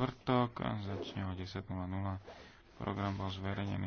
štvrtok začne o 10.00. Program bol zverejnený